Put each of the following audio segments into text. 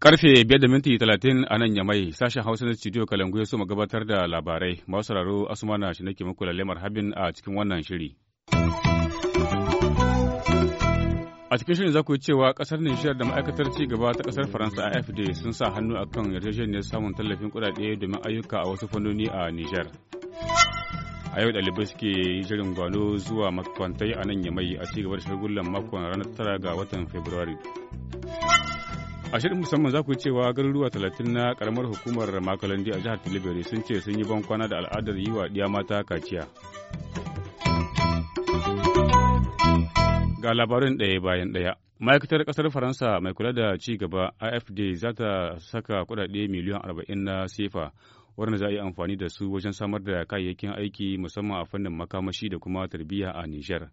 Karfe biyar da minti talatin a nan Yamai, sashen Hausa na studio Kalangu ya so gabatar da labarai. Masu raro Asumana shi nake muku lalle marhabin a cikin wannan shiri. A cikin shirin za ku cewa kasar Nishiyar da ma'aikatar ci gaba ta kasar Faransa AFD sun sa hannu a kan yarjejeniyar samun tallafin kuɗaɗe domin ayyuka a wasu fannoni a Nijar. A yau ɗalibai suke jirin gwano zuwa makwantai a nan Yamai a ci gaba da shagullan makon ranar tara ga watan Fabrairu. A shirin musamman za ku yi cewa garuruwa talatin na karamar hukumar Makalandi a jihar Tilibiri sun ce sun yi bankwana da al'adar yi wa ɗiya mata kaciya. Ga labarin ɗaya bayan ɗaya. Ma'aikatar ƙasar Faransa mai kula da ci gaba AFD za ta saka kuɗaɗe miliyan arba'in na sefa waɗanda za a yi amfani da su wajen samar da kayayyakin aiki musamman a fannin makamashi da kuma tarbiyya a Nijar.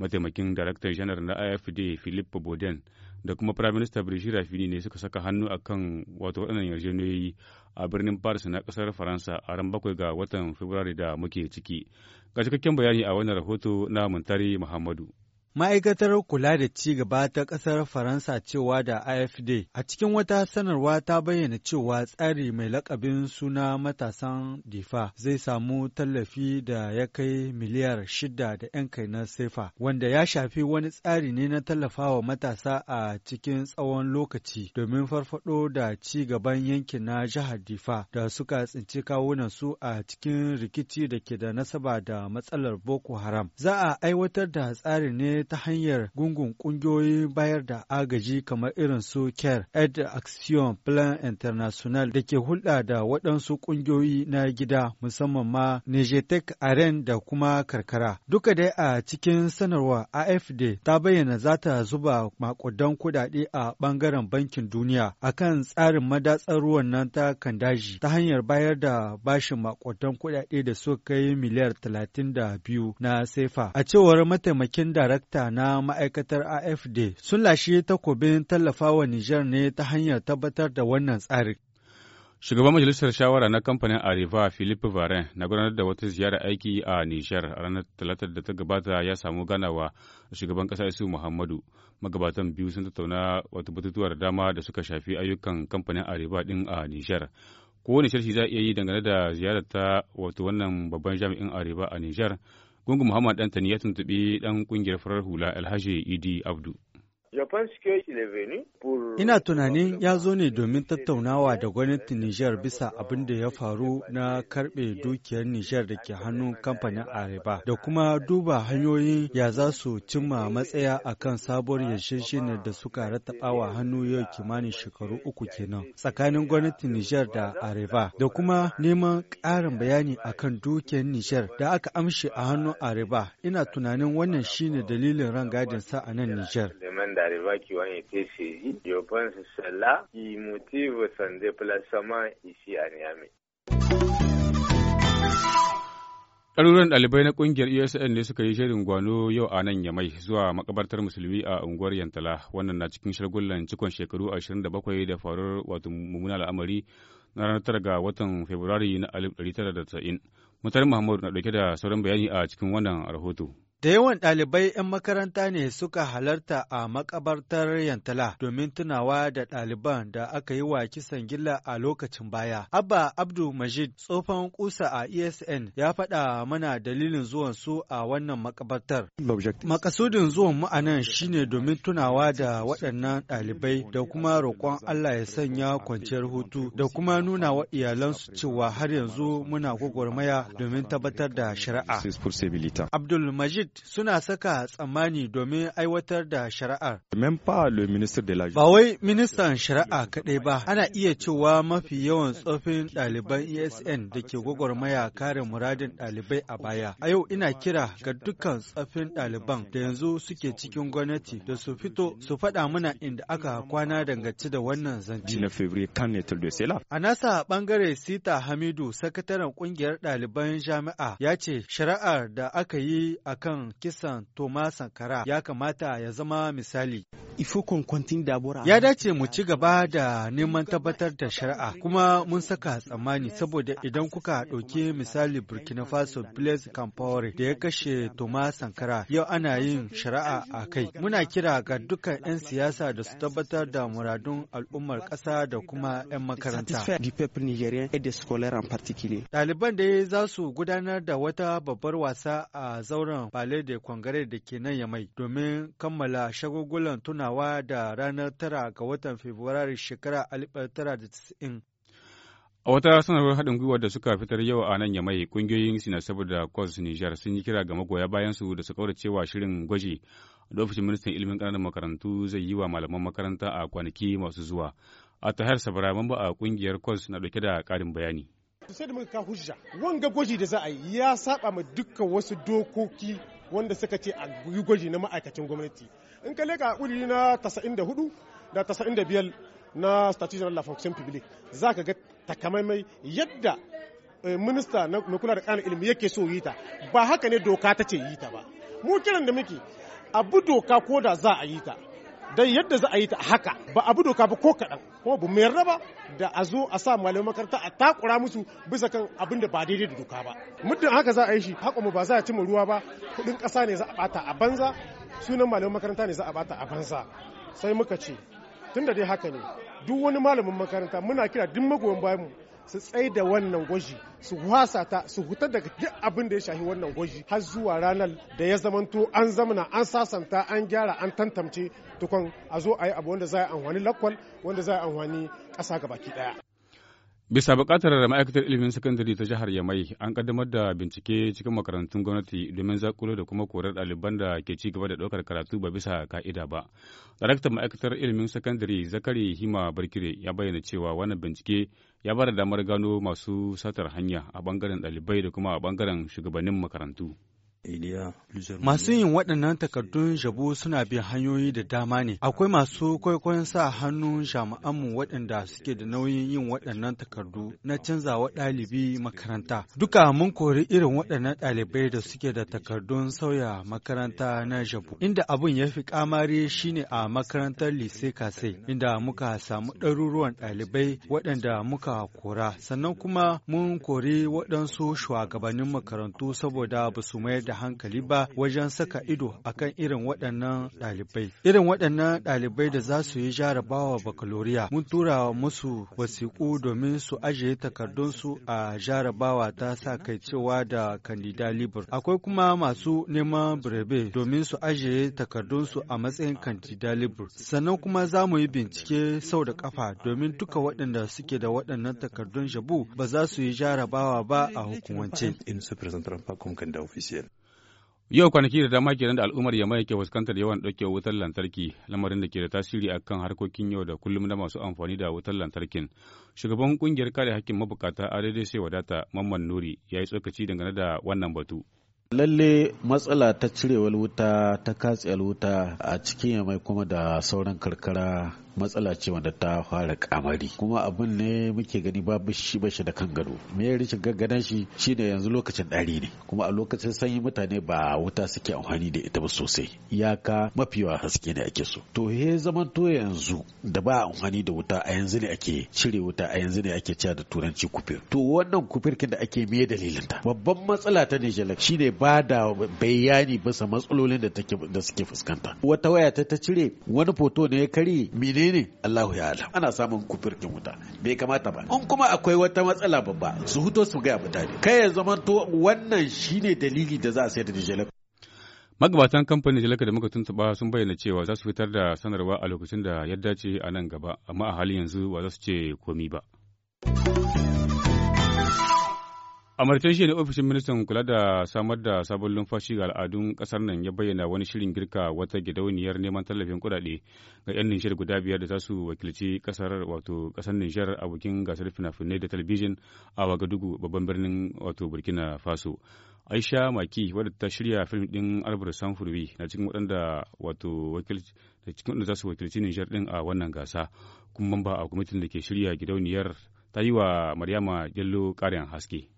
Mataimakin Daraktan Janar na AFD Philippe Boden da kuma Firaminista Brigitte Rafini ne suka saka hannu a kan wato waɗannan yarjejeniyoyi a birnin Paris na ƙasar Faransa a ran bakwai ga watan Fabrairu da muke ciki. Ga cikakken bayani a wannan rahoto na Muntari Muhammadu. Ma'aikatar kula da ci gaba ta ƙasar Faransa cewa da AFD a cikin wata sanarwa ta bayyana cewa tsari mai lakabin suna matasan difa zai samu tallafi da ya kai miliyar shida da 'yan kai na sefa wanda ya shafi wani tsari ne na tallafawa matasa a cikin tsawon lokaci domin farfado da ci gaban yankin na jihar difa da suka tsinci kawunan su a cikin rikici da ke da nasaba da matsalar Boko Haram. Za a aiwatar da tsari ne ta hanyar gungun ƙungiyoyi bayar da agaji kamar irin su CARE, Ed Action Plan International da ke hulɗa da waɗansu ƙungiyoyi na gida musamman ma Nijetek Aren da kuma karkara. Duka dai a cikin sanarwa AFD ta bayyana za ta zuba makudan kuɗaɗe a bangaren bankin duniya akan tsarin madatsar ruwan nan ta kandaji ta hanyar bayar da bashin makudan kuɗaɗe da suka kai miliyar biyu na sefa. A cewar mataimakin darakta darakta na ma'aikatar AFD sun lashe takobin tallafawa Nijar ne ta hanyar tabbatar da wannan tsarin. Shugaban Majalisar Shawara na kamfanin Arriva Philippe Varin na gudanar da wata ziyara aiki a Nijar a ranar Talatar da ta gabata ya samu ganawa da shugaban ƙasa Isu Muhammadu. Magabatan biyu sun tattauna wata batutuwar dama da suka shafi ayyukan kamfanin Arriva din a Nijar. Kowane sharshi za a iya yi dangane da ziyarar ta wato wannan babban jami'in Arriva a Nijar. Gungun Muhammad tani ya tuntubi ɗan ƙungiyar farar hula Alhaji Idi Abdu. Ina tunanin ya zo ne domin tattaunawa da gwamnatin Nijar bisa abin da ya faru na karɓe dukiyar Nijar da ke hannun kamfanin Areba da kuma duba hanyoyin ya za su cimma matsaya a kan sabuwar yarjejeniyar da suka rataɓawa hannu yau kimanin shekaru uku kenan tsakanin gwamnatin Nijar da Areba da kuma neman ƙarin bayani akan dukiyar Nijar da aka amshe a hannun Areba. Ina tunanin wannan shine dalilin rangadin sa a nan Nijar. d'arriva qui ont été saisis. Je pense que c'est là qui motive son déplacement ici à Niamey. Ɗaruran ɗalibai na ƙungiyar USN ne suka yi shirin gwano yau a nan Yamai zuwa makabartar musulmi a unguwar Yantala wannan na cikin shagullan cikon shekaru 27 da faruwar wato mummunan al'amari na ranar 9 ga watan Fabrairu na 1990. Mutar Muhammadu na ɗauke da sauran bayani a cikin wannan rahoto. Da yawan ɗalibai 'yan makaranta ne suka halarta a makabartar Yantala domin tunawa da ɗaliban da aka yi wa kisan gilla a lokacin baya. Abba Abdu Majid tsofan kusa a ESN ya faɗa mana dalilin zuwan su a wannan makabartar. Makasudin zuwan mu shine domin tunawa da waɗannan ɗalibai da kuma roƙon Allah ya sanya kwanciyar hutu da kuma nuna wa iyalansu cewa har yanzu muna gwagwarmaya domin tabbatar da shari'a. Abdul Majid suna saka tsammani domin aiwatar da shari'ar. Ba wai ministan shari'a kaɗai ba, ana iya cewa mafi yawan tsofin ɗaliban ESN da ke gwagwarmaya kare muradin ɗalibai a baya. A yau ina kira ga dukkan tsofin ɗaliban da yanzu suke cikin gwamnati da su fito su faɗa mana inda aka kwana dangance da wannan zance. A nasa ɓangare Sita Hamidu, sakataren ƙungiyar ɗaliban jami'a, ya ce shari'ar da aka yi akan kisan Toma Sankara ya kamata ya zama misali. Ya dace mu ci gaba da neman tabbatar da shari'a kuma mun saka tsammani saboda idan kuka ɗauki misali Burkina Faso Blaise Compaore da ya kashe Toma Sankara yau ana yin shari'a a kai. Muna kira ga dukkan 'yan siyasa da su tabbatar da muradun al'ummar ƙasa da kuma 'yan makaranta. Ɗaliban da za su gudanar da wata babbar wasa a zauren Palais da Kwangare da ke nan ya mai domin kammala shagugulan tunawa da ranar tara ga watan Fabrairu shekara tara da 1990. A wata sanarwar haɗin gwiwa da suka fitar yau a nan ya mai ƙungiyoyin Sina saboda Kwas Nijar sun yi kira ga magoya su da su cewa shirin gwaji da ofishin ministan ilimin ƙananan makarantu zai yi wa malaman makaranta a kwanaki masu zuwa. A har sabara mamba a ƙungiyar Kwas na ɗauke da ƙarin bayani. sai da muka hujja wanga gwaji da za a yi ya saba ma dukkan wasu dokoki wanda suka ce a yi gwaji na ma'aikacin gwamnati in ka leka kuri na 94 da 95 na statut general la fonction za ka ga takamaimai yadda eh, minista na kula da kana ilimi yake so yi ta ba haka ne doka ta ce yi ta ba mu kiran da muke abu doka ko da za a yi ta dan yadda za a yi ta haka ba abu doka ba ko kaɗan ko ba mu yarda ba da a zo a sa malaman makaranta a takura musu bisa kan abin da ba daidai da doka ba muddin haka za a yi shi mu ba za a cimma ruwa ba kuɗin ƙasa ne za a bata a banza sunan malamai makaranta ne za a bata a banza sai muka ce tunda dai haka ne duk wani malamin makaranta muna kira duk magoyan bayan mu su tsai da wannan gwaji su wasa ta su huta daga duk abin da ya shahi wannan gwaji har zuwa ranar da ya zamanto an zamana an sasanta an gyara an tantamce tukon a zo a yi abu wanda za a amfani lakwal wanda za a amfani ƙasa baki ɗaya. Bisa buƙatar ma'aikatar ilimin sakandare ta jihar Yamai an kaddamar da bincike cikin makarantun gwamnati domin zakulo da kuma korar ɗaliban da ke ci gaba da ɗaukar karatu ba bisa ka'ida ba. Daraktan ma'aikatar ilimin sakandare Zakari Hima Barkire ya bayyana cewa wannan bincike ya bada damar gano masu satar hanya a bangaren ɗalibai da kuma a bangaren shugabannin makarantu. Masu yin waɗannan takardun jabu suna bin hanyoyi da dama ne. Akwai masu kwaikwayon sa hannun jami'anmu waɗanda suke da nauyin yin waɗannan takardu na canzawa ɗalibi makaranta. Duka mun kori irin waɗannan ɗalibai da suke da takardun sauya makaranta na jabu. Inda abin ya fi kamari shine a makarantar Lise Kasai, inda muka samu ɗaruruwan ɗalibai waɗanda muka kora. Sannan kuma mun kori waɗansu shugabannin makarantu saboda ba su mayar da da hankali ba wajen saka ido akan irin waɗannan ɗalibai. Irin waɗannan ɗalibai da za su yi jarabawa bakaloriya mun tura musu wasiƙu domin su ajiye takardunsu a jarabawa ta sa kai cewa da kandida libur. Akwai kuma masu neman birebe domin su ajiye takardunsu a matsayin kandida libur. Sannan kuma za mu yi bincike sau da kafa domin duka waɗanda suke da waɗannan takardun jabu ba za su yi jarabawa ba a hukumance. Yau kwanaki da dama kenan da al'ummar Yamma yake fuskantar yawan ɗaukewar wutar lantarki, lamarin da ke da tasiri a kan harkokin yau da kullum na masu amfani da wutar lantarkin. Shugaban kungiyar kare hakkin mabukata a daidai sai wadata Mamman Nuri ya yi tsokaci dangane da wannan batu. lalle matsala ta cirewar wuta ta katsiyar wuta a cikin yamai kuma da sauran karkara matsala ce wanda ta fara kamari kuma abin ne muke gani babu shi bashi da kan gado me ya rishi gaggadan shi shine yanzu lokacin ɗari ne kuma a lokacin sanyi mutane ba wuta suke amfani da ita ba sosai iyaka mafiwa haske ne ake so to he zaman to yanzu da ba amfani da wuta a yanzu ne ake cire wuta a yanzu ne ake cewa da turanci kufir to wannan kufirkin da ake me dalilin ta babban matsala ta ne shine ba da bayani bisa matsalolin da suke fuskanta wata waya ta ta cire wani foto ne ya karye. menene Allahu ya alam ana samun kufirkin wuta bai kamata ba in kuma akwai wata matsala babba su huto su gaya mutane kai ya zamanto wannan shine dalili da za a sayar da jelek. magabatan kamfanin jelek da muka tuntuɓa sun bayyana cewa za su fitar da sanarwa a lokacin da ya dace a nan gaba amma a halin yanzu ba za su ce komi ba a shi ne ofishin ministan kula da samar da sabon lumfashi ga al'adun kasar nan ya bayyana wani shirin girka wata gidauniyar neman tallafin kudade ga 'yan nishar guda biyar da za su wakilci kasar wato kasar nishar a bikin gasar fina-finai da talabijin a wagadugu babban birnin wato burkina faso aisha maki wadda ta shirya fim din albert sanfurwi na cikin waɗanda wato su wakilci nishar din a wannan gasa kuma ba a kwamitin da ke shirya gidauniyar ta yi wa maryama jallo ƙarin haske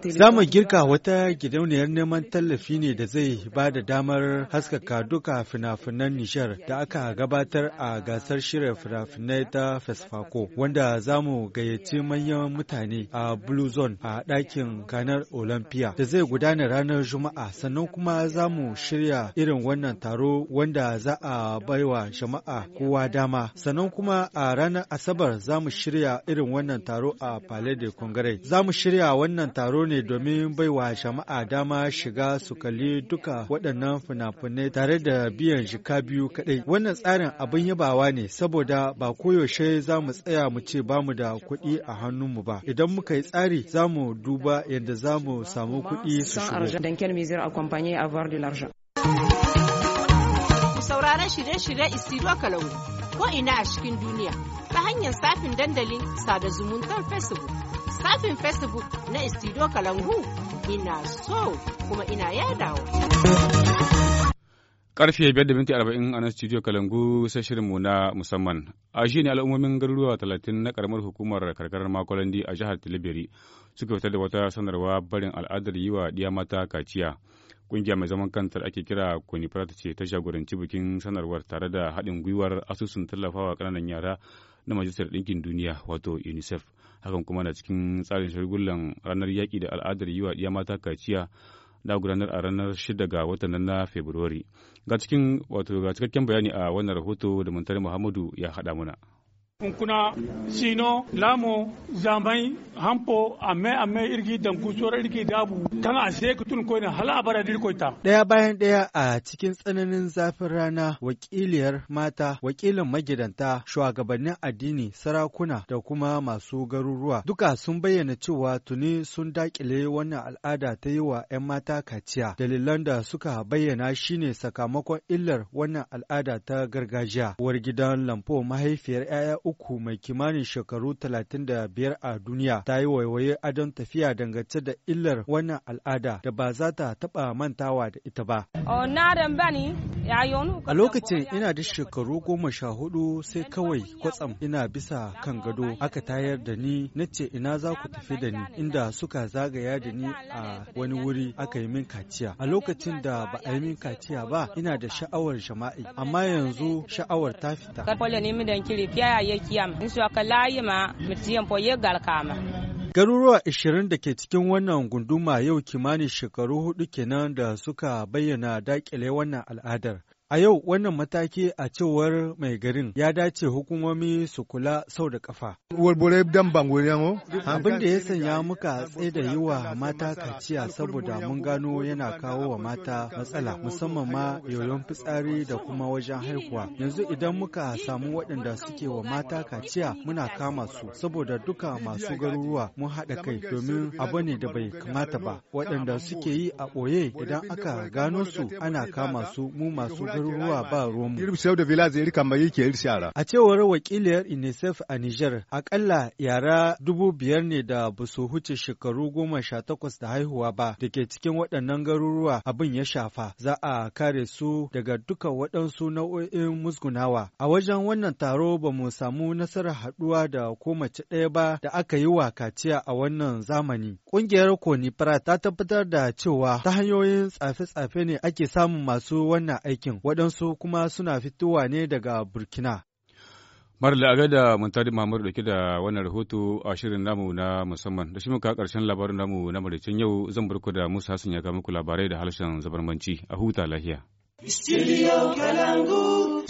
Za mu girka wata gidauniyar neman tallafi ne da zai ba da damar haskaka duka fina-finan Nijar da aka gabatar a gasar shirya fina-finai ta Fesfako, wanda za mu gayyaci manyan mutane a Blue Zone a ɗakin ganar Olympia da zai gudana ranar Juma'a, sannan kuma za mu shirya irin wannan taro wanda za a baiwa jama'a kowa dama, sannan kuma a ranar Asabar za mu shirya irin wannan taro a Palais de Congrès. Za mu shirya wannan taro ne domin baiwa jama'a dama shiga su kalli duka waɗannan fina-finai tare da biyan jika biyu kaɗai. Wannan tsarin abin yabawa ne saboda ba koyaushe za mu tsaya mu ce ba mu da kuɗi a hannunmu ba. Idan muka yi tsari za mu duba yadda za mu samu kuɗi su shigo. Sauraron shirye-shirye Isidro ko'ina a cikin duniya ta hanyar safin dandalin sada zumuntar Facebook. Safin Facebook na Istido Kalangu ina so kuma ina yadawa. Karfe 5:40 a nan studio Kalangu sai shirinmu na musamman. A shi ne al'ummomin garuruwa talatin na karamar hukumar karkarar Makolandi a jihar Tilibiri suka fitar da wata sanarwa barin al'adar yi wa ɗiya mata kaciya. Ƙungiya mai zaman kanta da ake kira kunifrat ce ta jagoranci bikin sanarwar tare da haɗin gwiwar asusun tallafawa ƙananan yara na Majalisar Ɗinkin Duniya wato UNICEF. Hakan kuma na cikin tsarin shagullan ranar yaƙi da al'adar yi wa ɗiya mata kaciya da gudanar a ranar 6 ga watan na februari. Ga cikin wato ga cikakken bayani a wannan rahoto da Muntari Muhammadu ya haɗa muna. kuna sino lamo zamai hampo ame-ame, irgi dan kusura irgi dabu tan a sai tun koina hala bara dir koyta daya bayan daya a cikin tsananin zafin rana wakiliyar mata wakilin magidanta shugabannin addini sarakuna da kuma masu garuruwa duka sun bayyana cewa tuni sun dakile wannan al'ada ta yi wa 'yan mata kaciya dalilan da suka bayyana shine sakamakon illar wannan al'ada ta gargajiya uwar gidan lampo mahaifiyar 'ya'ya uku mai kimanin shekaru talatin da biyar a duniya ta yi waiwaye adon tafiya dangance da illar wannan al'ada da ba za ta taɓa mantawa da ita ba. Oh, a lokacin ina da shekaru goma sha hudu sai kawai kwatsam ina bisa kan gado aka tayar da ni na ce ina za ku tafi da ni inda suka zagaya da ni a wani wuri aka yi min kaciya. A lokacin da ba a yi min kaciya ba ina da sha'awar jama'i amma yanzu sha'awar ta fita. kiyam in su aka layi ma mutiyan po ye galkama Garuruwa 20 da ke cikin wannan gunduma yau kimanin shekaru hudu kenan da suka bayyana dakile wannan al'adar. A yau wannan mataki a cewar mai garin ya dace hukumomi su kula sau da kafa. Abin da ya sanya muka tsaida yi wa mata kaciya saboda mun gano yana kawo wa mata matsala musamman ma yoyon fitsari da kuma wajen haihuwa. Yanzu idan muka samu waɗanda suke wa mata kaciya muna kama su saboda duka masu garuruwa mun haɗa kai domin abu ne da bai kamata ba waɗanda suke yi a ɓoye idan aka gano su ana kama su mu masu ruwa ba ruwan mu. A cewar wakiliyar UNICEF a Niger, akalla yara dubu biyar ne da ba su huce shekaru goma sha takwas da haihuwa ba da ke cikin waɗannan garuruwa abin ya shafa. Za a kare su daga duka waɗansu nau'o'in musgunawa. A wajen wannan taro ba mu samu nasarar haɗuwa da ko mace ɗaya ba da aka yi wa kaciya a wannan zamani. Ƙungiyar Konifra ta tabbatar da cewa ta hanyoyin tsafe-tsafe ne ake samun masu wannan aikin. waɗansu kuma suna fitowa ne daga Burkina. mara la'aga da Muntari Mahmud dauke da wannan rahoto a shirin namu na musamman. Da shi muka karshen labarin namu na maraicin yau zan barku da Musa Hassan ya ga muku labarai da harshen zabarmanci a huta lahiya.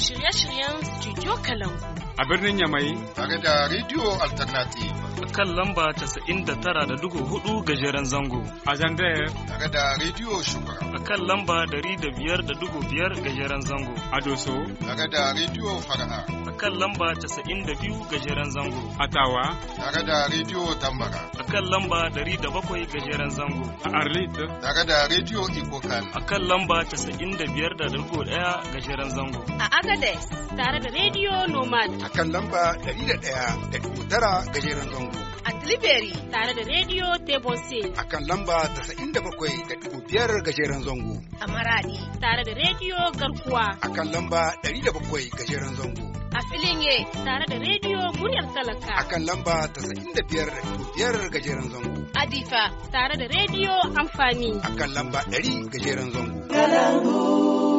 shirye-shiryen Studio Kalangu. A birnin Yamai. Tare da Radio Alternative. Kan lamba 99.4 gajeren zango. A Zandaya. Tare da Radio Shugaba. A kan lamba 105.5 gajeren zango. A Doso. Tare da Radio Fara'a. A kan lamba 92 gajeren zango. A Tawa. Tare da Radio Tambara. A kan lamba 107 gajeren zango. A Arlit. Tare da Radio Ikokan. A kan lamba 95.1 gajeren zango. A Agades tare da Radio Nomad. A kan lamba 101.9 gajeren zango. A Tilibiri tare da Radio Tebose. A kan lamba 97.5 gajeren zango. A Maradi tare da Radio Garkuwa. A kan lamba 107 gajeren zango. A filin ye tare da rediyo muryar talaka. A kan lamba 95.5 gajeren zango. difa. tare da rediyo amfani. A kan lamba 100 gajeren zango. Galangu.